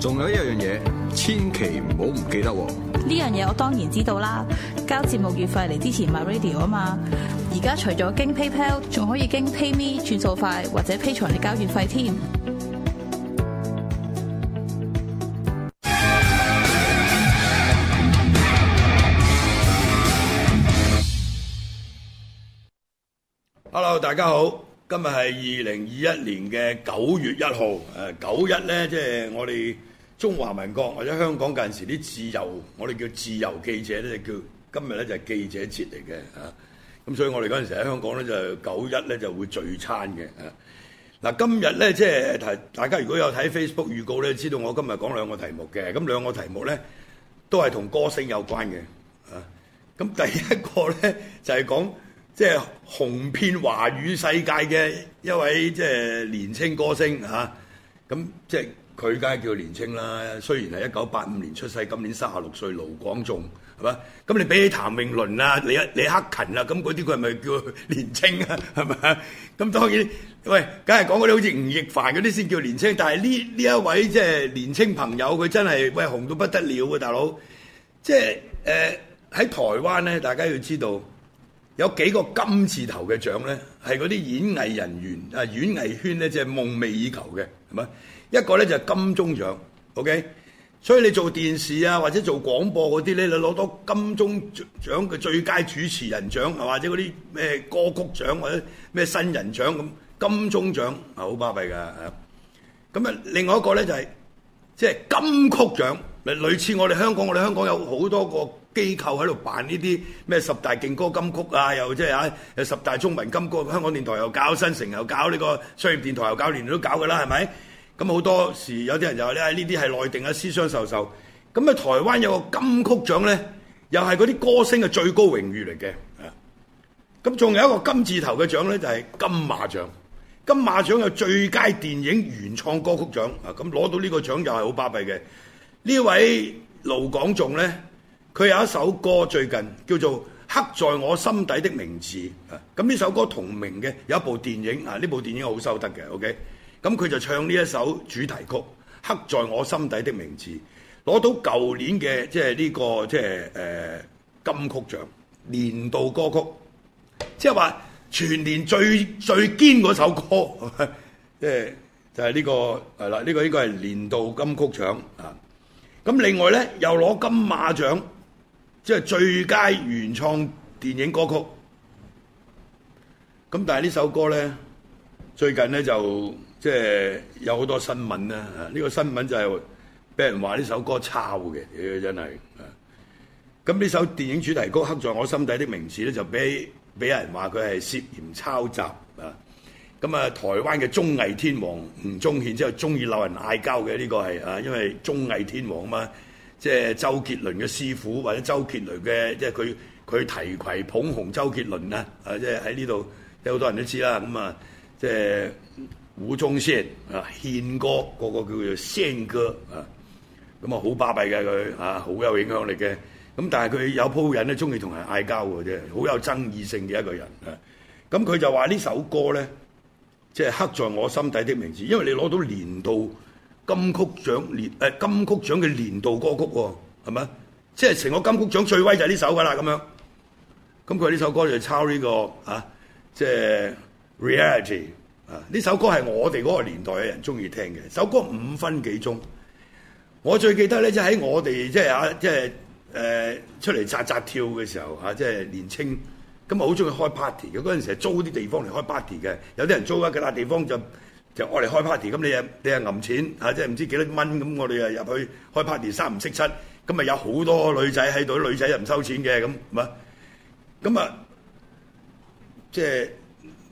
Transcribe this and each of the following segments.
仲有一樣嘢，千祈唔好唔記得喎！呢樣嘢我當然知道啦，交節目月費嚟支持 MyRadio 啊嘛！而家除咗經 PayPal，仲可以經 PayMe 轉數快，或者 Patreon 嚟交月費添。Hello，大家好，今日係二零二一年嘅九月一號，誒九日咧，即係我哋。中華民國或者香港嗰陣時啲自由，我哋叫自由記者咧，叫今日咧就係記者節嚟嘅嚇。咁所以我哋嗰陣時喺香港咧就係，九一咧就會聚餐嘅嚇。嗱今日咧即係大家如果有睇 Facebook 預告咧，知道我今日講兩個題目嘅，咁兩個題目咧都係同歌星有關嘅嚇。咁第一個咧就係講即係紅遍華語世界嘅一位即係年輕歌星嚇，咁即係。佢梗係叫年青啦，雖然係一九八五年出世，今年三十六歲，盧廣仲係嘛？咁你比起譚詠麟啦、啊、李李克勤啦、啊，咁嗰啲佢係咪叫年青啊？係咪？咁當然，喂，梗係講嗰啲好似吳亦凡嗰啲先叫年青。但係呢呢一位即係年青朋友，佢真係喂紅到不得了啊大佬。即係誒喺台灣咧，大家要知道有幾個金字頭嘅獎咧，係嗰啲演藝人員啊、呃、演藝圈咧即係夢寐以求嘅，係嘛？一個咧就係金鐘獎，OK，所以你做電視啊或者做廣播嗰啲咧，你攞到金鐘獎嘅最佳主持人獎，或者嗰啲咩歌曲獎或者咩新人獎咁，金鐘獎係好巴閉㗎咁啊，另外一個咧就係即係金曲獎，類似我哋香港，我哋香港有好多個機構喺度辦呢啲咩十大勁歌金曲啊，又即係啊有十大中文金曲，香港電台又搞新城又搞呢個商業電台又搞，連年都搞㗎啦，係咪？咁好多時有啲人就話咧呢啲係內定嘅，私相授受。咁咧台灣有個金曲獎呢，又係嗰啲歌星嘅最高榮譽嚟嘅。咁仲有一個金字頭嘅獎呢，就係金馬獎。金馬獎有最佳電影原創歌曲獎。啊，咁攞到呢個獎又係好巴閉嘅。呢位盧廣仲呢，佢有一首歌最近叫做《刻在我心底的名字》。啊，咁呢首歌同名嘅有一部電影。啊，呢部電影好收得嘅。OK。咁佢就唱呢一首主題曲《刻在我心底的名字》，攞到舊年嘅即係呢個即係誒金曲獎年度歌曲，即係話全年最最堅嗰首歌，即係就係呢個係啦，呢個應該係年度金曲獎啊。咁另外咧又攞金馬獎，即係最佳原創電影歌曲。咁但係呢首歌咧，最近咧就～即係有好多新聞啦，呢個新聞就係俾人話呢首歌抄嘅，真係啊。咁呢首電影主題曲《刻在我心底的名字》咧，就俾俾人話佢係涉嫌抄襲啊。咁啊，台灣嘅綜藝天王吳宗憲之後中意鬧人嗌交嘅呢個係啊，因為綜藝天王嘛，即係周杰倫嘅師傅或者周杰倫嘅即係佢佢提攜捧紅周杰倫啦啊，即係喺呢度有好多人都知啦。咁啊，即係。吳宗憲，憲哥啊，憲哥個個叫做憲哥啊，咁啊好巴閉嘅佢啊，好有影響力嘅。咁、嗯、但係佢有鋪癮咧，鍾意同人嗌交嘅啫，好有爭議性嘅一個人啊。咁、哦、佢、嗯、就話呢首歌咧，即係刻在我心底的名字，因為你攞到年度金曲獎年誒、欸、金曲獎嘅年度歌曲喎、啊，係咪即係成個金曲獎最威就係呢首㗎啦咁樣。咁佢呢首歌就抄呢、這個啊，即、就、係、是、reality。啊！呢首歌係我哋嗰個年代嘅人中意聽嘅。首歌五分幾鐘，我最記得咧，即係喺我哋即係啊，即係誒出嚟扎扎跳嘅時候吓，即係年青。咁啊，好中意開 party，嘅嗰陣時係租啲地方嚟開 party 嘅。有啲人租咗幾笪地方就就我嚟開 party。咁你啊你又揞錢，即係唔知幾多蚊。咁我哋啊入去開 party，三唔識七。咁啊有好多女仔喺度，啲女仔又唔收錢嘅咁，咪咁啊，即係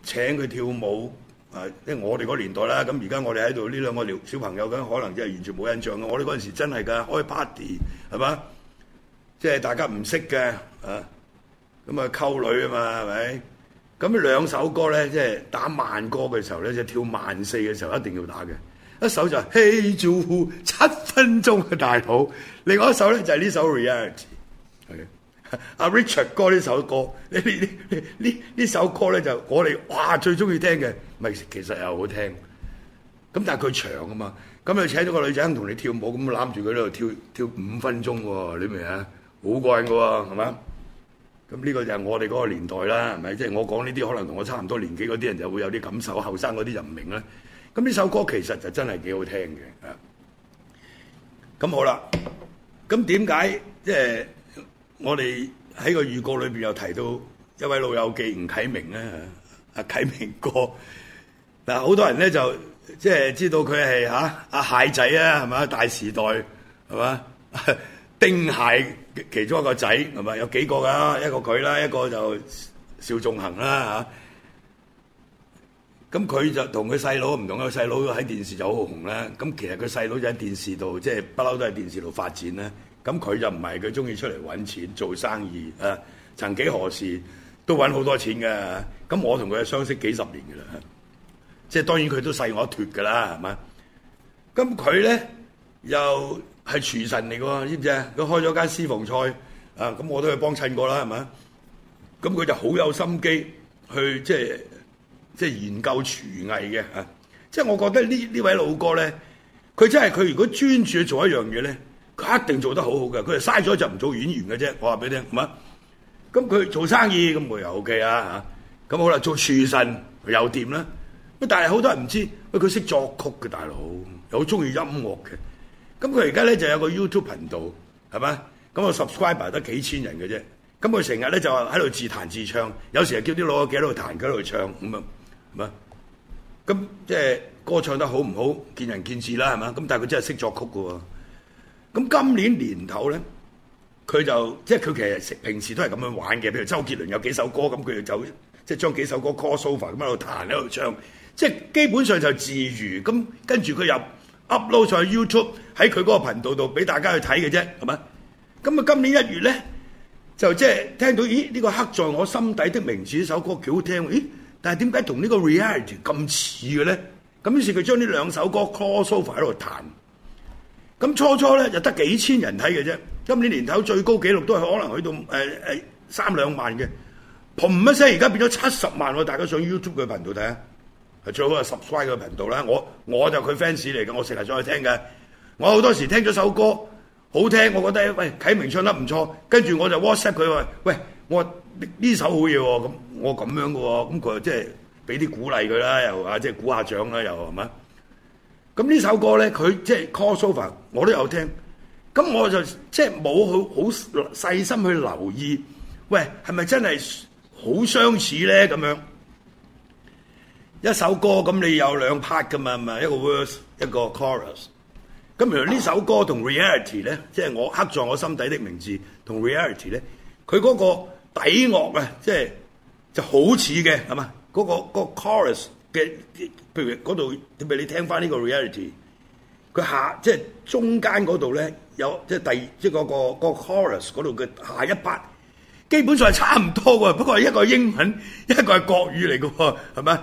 請佢跳舞。誒、啊，即係我哋嗰年代啦。咁而家我哋喺度呢兩個小朋友咁，可能真係完全冇印象嘅。我哋嗰陣時候真係噶開 party 係、就是啊、嘛，即係大家唔識嘅啊。咁啊溝女啊嘛係咪？咁兩首歌咧，即、就、係、是、打慢歌嘅時候咧，就是、跳慢四嘅時候一定要打嘅。一首就是、Hey Jude 七分鐘嘅、啊、大舞，另外一首咧就係呢首 Reality。係啊，阿 Richard 哥呢首歌，呢呢呢首歌咧就是、我哋哇最中意聽嘅。其實又好聽，咁但係佢長啊嘛，咁你請咗個女仔同你跳舞，咁攬住佢喺度跳跳五分鐘喎，你明唔明啊？好過癮嘅喎，係嘛？咁呢個就係我哋嗰個年代啦，係咪？即係我講呢啲可能同我差唔多年紀嗰啲人就會有啲感受，後生嗰啲就唔明啦。咁呢首歌其實就真係幾好聽嘅，啊！咁好啦，咁點解即係我哋喺個預告裏邊又提到一位老友記吳啟明咧，阿啟名哥。嗱，好多人咧就即係知道佢係嚇阿蟹仔啊，係嘛，大時代係嘛，丁蟹其中一個仔，係咪？有幾個㗎？一個佢啦，一個就邵仲恒啦嚇。咁佢就同佢細佬唔同，佢細佬喺電視就好紅啦。咁其實佢細佬就喺電視度，即係不嬲都喺電視度發展啦。咁佢就唔係，佢中意出嚟揾錢做生意啊。曾幾何時都揾好多錢㗎。咁我同佢係相識幾十年㗎啦。即係當然佢都細我一脱噶啦，係咪？咁佢咧又係廚神嚟嘅，知唔知啊？佢開咗間私房菜啊！咁我都去幫襯過啦，係咪？咁佢就好有心機去即係即係研究廚藝嘅嚇、啊。即係我覺得呢呢位老哥咧，佢真係佢如果專注去做一樣嘢咧，佢一定做得好好嘅。佢係嘥咗就唔做演員嘅啫。我話俾你聽，係嘛？咁佢做生意咁我又 OK 啊嚇。咁好啦，做廚神佢又掂啦。但係好多人唔知，喂，佢識作曲嘅大佬，又好中意音樂嘅。咁佢而家咧就有個 YouTube 頻道，係嘛？咁啊 subscriber 得幾千人嘅啫。咁佢成日咧就喺度自彈自唱，有時啊叫啲老友記喺度彈喺度唱，咁啊，係嘛？咁即係歌唱得好唔好，見仁見智啦，係嘛？咁但係佢真係識作曲嘅喎。咁今年年頭咧，佢就即係佢其實平時都係咁樣玩嘅。譬如周杰倫有幾首歌咁，佢就即係將幾首歌 cover 咁喺度彈喺度唱。即係基本上就自娛，咁跟住佢又 upload 上 YouTube，在 YouTube 喺佢嗰個頻道度俾大家去睇嘅啫，係咪？咁啊，今年一月咧就即係聽到咦呢、這個刻在我心底的名字呢首歌幾好聽咦，但係點解同呢個 reality 咁似嘅咧？咁於是佢將呢兩首歌 cover 喺度彈，咁初初咧就得幾千人睇嘅啫。今年年頭最高紀錄都係可能去到誒誒、呃、三兩萬嘅，嘭一聲而家變咗七十萬，我大家上 YouTube 嘅頻道睇啊！最好係 subscribe 個頻道啦，我我就佢 fans 嚟嘅，我成日上去聽嘅。我好多時聽咗首歌好聽，我覺得喂啟名唱得唔錯，跟住我就 WhatsApp 佢話喂，我呢首好嘢喎，咁我咁樣嘅喎，咁佢又即係俾啲鼓勵佢啦，又啊、即係，即係鼓下掌啦，又係咪？咁呢首歌咧，佢即係《Call Sofa》，我都有聽，咁我就即係冇好好細心去留意，喂，係咪真係好相似咧？咁樣。一首歌，咁你有兩 part 噶嘛，係咪一個 verse 一個 chorus？咁原來呢首歌同 reality 咧，即係我刻在我心底的名字同 reality 咧，佢嗰個底樂啊，即係就好似嘅係嘛？嗰個嗰 chorus 嘅，譬如嗰度俾你聽翻呢個 reality，佢下即係中間嗰度咧有即係第即係嗰個 chorus 嗰度嘅下一 part，基本上係差唔多嘅，不過一個係英文，一個係國語嚟嘅，係咪？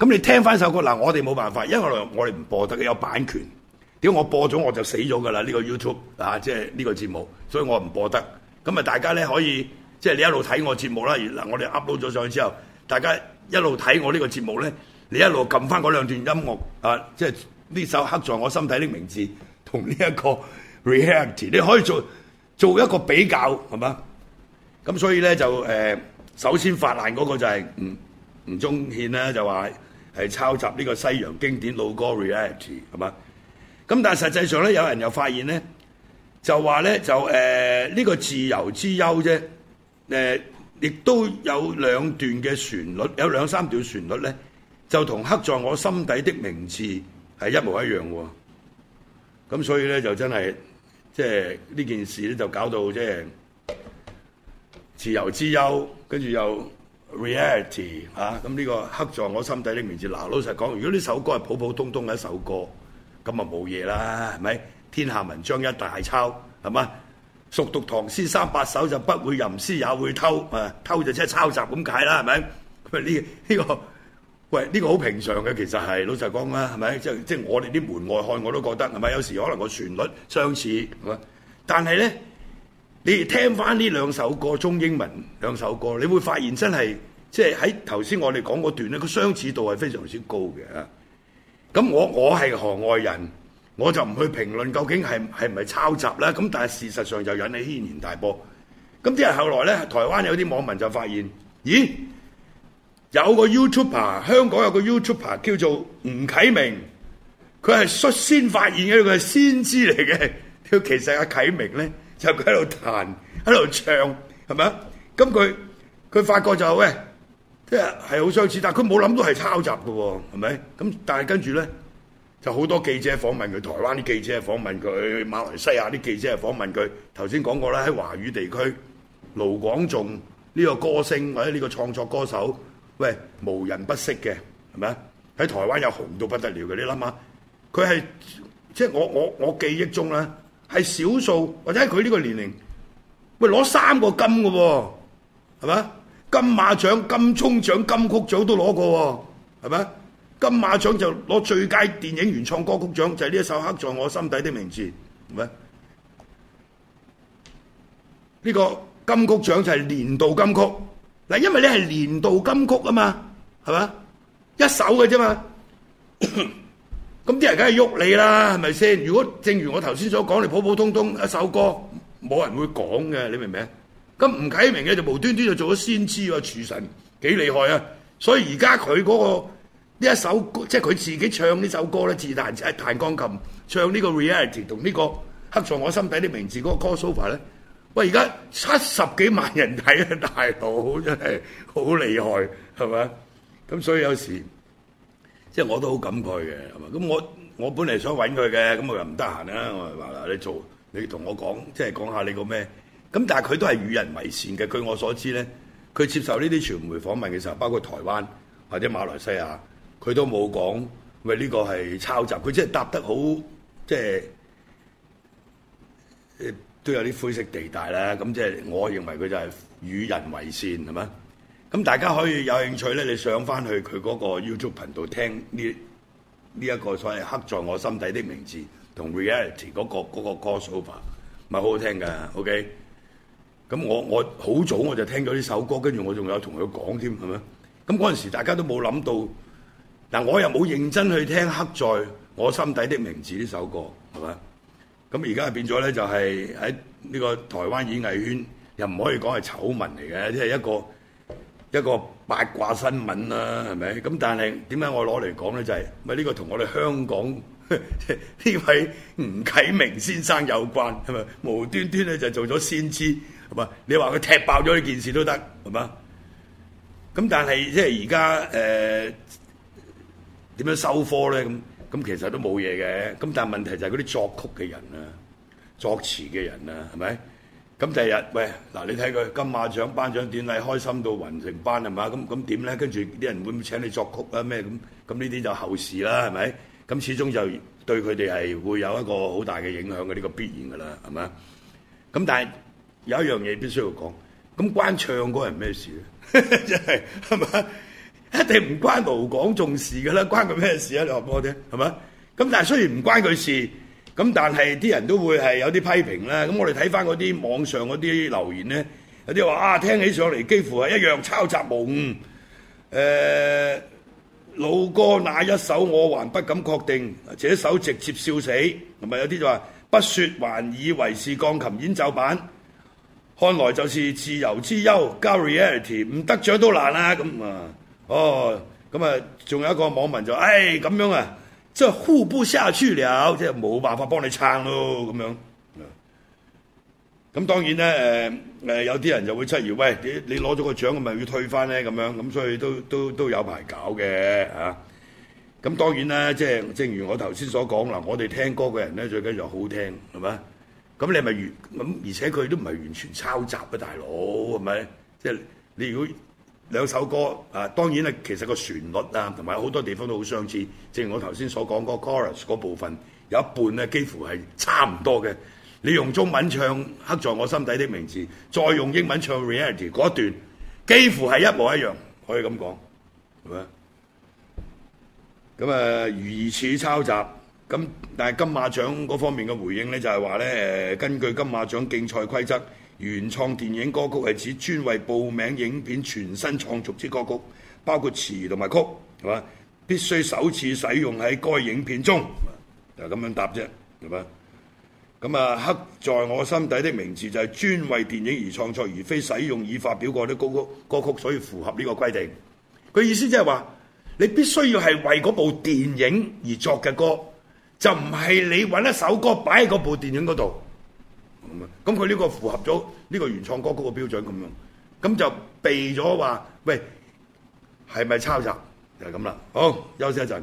咁你聽翻首歌嗱，我哋冇辦法，因為我哋唔播得，嘅，有版權。如果我播咗我就死咗㗎啦，呢、這個 YouTube 啊，即係呢個節目，所以我唔播得。咁、就是、啊，大家咧可以即係你一路睇我節目啦。嗱，我哋 upload 咗上去之後，大家一路睇我呢個節目咧，你一路撳翻嗰兩段音樂啊，即係呢首刻在我心底的名字同呢一個 reality，你可以做做一個比較係嘛？咁所以咧就首先發難嗰個就係、是嗯、吳吳宗憲啦，就話。係抄襲呢個西洋經典老歌 reality, 是吧《Reality》，係嘛？咁但係實際上咧，有人又發現咧，就話咧就誒呢、呃呢個自由之丘啫。誒、呃，亦都有兩段嘅旋律，有兩三段旋律咧，就同刻在我心底的名字係一模一樣喎。咁所以咧，就真係即係呢件事咧，就搞到即係自由之丘，跟住又。Reality 嚇，咁呢個刻在我心底嘅名字。嗱，老實講，如果呢首歌係普普通通嘅一首歌，咁啊冇嘢啦，係咪？天下文章一大抄，係嘛？熟讀唐詩三百首，就不會吟詩也會偷。誒，偷就即係抄襲咁解啦，係咪？咁啊呢呢個，喂，呢個好平常嘅其實係老實講啦，係咪？即係即係我哋啲門外漢我都覺得係咪？有時可能個旋律相似，係咪？但係咧。你聽翻呢兩首歌，中英文兩首歌，你會發現真係即係喺頭先我哋講嗰段咧，個相似度係非常之高嘅啊！咁我我係行外人，我就唔去評論究竟係係唔係抄襲啦。咁但係事實上就引起軒然大波。咁啲人後來咧，台灣有啲網民就發現，咦，有個 YouTuber 香港有個 YouTuber 叫做吳啟名，佢係率先發現嘅，佢係先知嚟嘅。其實阿啟名咧。就佢喺度彈，喺度唱，係咪啊？咁佢佢發覺就喂，即係係好相似，但係佢冇諗到係抄襲嘅喎，係咪？咁但係跟住咧，就好多記者訪問佢，台灣啲記者訪問佢，馬來西亞啲記者訪問佢。頭先講過啦，喺華語地區，盧廣仲呢個歌星或者呢個創作歌手，喂，無人不識嘅，係咪啊？喺台灣又紅到不得了嘅，你諗下，佢係即係我我我記憶中咧。係少數或者喺佢呢個年齡，喂攞三個金嘅喎，係嘛？金馬獎、金鐘獎、金曲獎都攞過喎，係嘛？金馬獎就攞最佳電影原創歌曲獎就係呢一首《刻在我心底的名字》，係嘛？呢個金曲獎就係年度金曲，嗱，因為你係年度金曲啊嘛，係嘛？一首嘅啫嘛。咁啲人梗係喐你啦，係咪先？如果正如我頭先所講，你普普通通一首歌，冇人會講嘅，你明唔明？咁吳啟名嘅就無端端就做咗先知喎，廚神幾厲害啊！所以而家佢嗰個呢一首歌，即係佢自己唱呢首歌咧，自彈自彈鋼琴唱呢個 Reality 同呢個刻在我心底嘅名字嗰個 Cover 咧，喂而家七十幾萬人睇啊，大佬真係好厲害，係咪？咁所以有時。即係我都好感慨嘅，係嘛？咁我我本嚟想揾佢嘅，咁我又唔得閒啦。我話嗱，你做你同我講，即係講下你個咩？咁但係佢都係與人為善嘅。據我所知咧，佢接受呢啲傳媒訪問嘅時候，包括台灣或者馬來西亞，佢都冇講，喂，呢個係抄襲。佢即係答得好，即係誒都有啲灰色地帶啦。咁即係我認為佢就係與人為善，係咪？咁大家可以有興趣咧，你上翻去佢嗰個 YouTube 頻道聽呢呢一個所謂《刻在我心底的名字》同 Reality 嗰個嗰個 crossover，咪好好聽㗎。OK，咁我我好早我就聽咗呢首歌，跟住我仲有同佢講添，係咪？咁嗰陣時大家都冇諗到，但我又冇認真去聽《刻在我心底的名字》呢首歌，係咪？咁而家變咗咧，就係喺呢個台灣演藝圈又唔可以講係醜聞嚟嘅，即係一個。一個八卦新聞啦，係咪？咁但係點解我攞嚟講咧？就係咪呢個同我哋香港呢位吳啟名先生有關，係咪？無端端咧就做咗先知，係嘛？你話佢踢爆咗呢件事都得，係嘛？咁但係即係而家誒點樣收科咧？咁咁其實都冇嘢嘅。咁但係問題就係嗰啲作曲嘅人啊、作詞嘅人啊，係咪？咁第日喂，嗱你睇佢金馬獎頒獎典禮，開心到雲城班係嘛？咁咁點咧？跟住啲人會唔會請你作曲啊咩咁？咁呢啲就後事啦，係咪？咁始終就對佢哋係會有一個好大嘅影響嘅，呢個必然㗎啦，係嘛？咁但係有一樣嘢必須要講，咁關唱歌人咩事咧？真係係嘛？一定唔關無講重視㗎啦，關佢咩事啊？你話畀我聽係嘛？咁但係雖然唔關佢事。咁但係啲人都會係有啲批評啦，咁我哋睇翻嗰啲網上嗰啲留言呢，有啲話啊，聽起上嚟幾乎係一樣抄襲無誤。欸、老歌那一首我還不敢確定，這首直接笑死，同埋有啲就話不說，還以為是鋼琴演奏版，看來就是自由之憂，Reality 唔得獎都難啦、啊，咁、嗯、啊，哦，咁啊，仲有一個網民就誒咁、哎、樣啊。即係互不下去了，即係冇辦法幫你撐咯，咁樣。咁、嗯、當然咧，誒、呃、誒，有啲人就會質疑，喂，你你攞咗個獎，咪要退返咧？咁樣，咁所以都都都有排搞嘅啊。咁當然啦，即、就、係、是、正如我頭先所講啦，我哋聽歌嘅人咧，最緊要好聽，係咪？咁你咪完，咁而且佢都唔係完全抄襲嘅、啊，大佬係咪？即係、就是、你如果……兩首歌，誒、啊、當然咧，其實個旋律啊，同埋好多地方都好相似。正如我頭先所講個，chorus 部分有一半咧，幾乎係差唔多嘅。你用中文唱《刻在我心底的名字》，再用英文唱《Reality》嗰一段，幾乎係一模一樣，可以咁講，係咪？咁，誒，如此抄襲，咁但係金馬獎嗰方面嘅回應咧，就係話咧誒，根據金馬獎競賽規則。原創電影歌曲係指專為報名影片全新創作之歌曲，包括詞同埋曲，係嘛？必須首次使用喺該影片中，就咁樣答啫，係嘛？咁啊，刻在我心底的名字就係專為電影而創作，而非使用已發表過啲歌曲歌曲，所以符合呢個規定。佢意思即係話，你必須要係為嗰部電影而作嘅歌，就唔係你揾一首歌擺喺嗰部電影嗰度。咁佢呢個符合咗呢個原創歌曲嘅標準咁樣，咁就避咗話，喂，係咪抄襲？就係咁啦。好，休息一陣。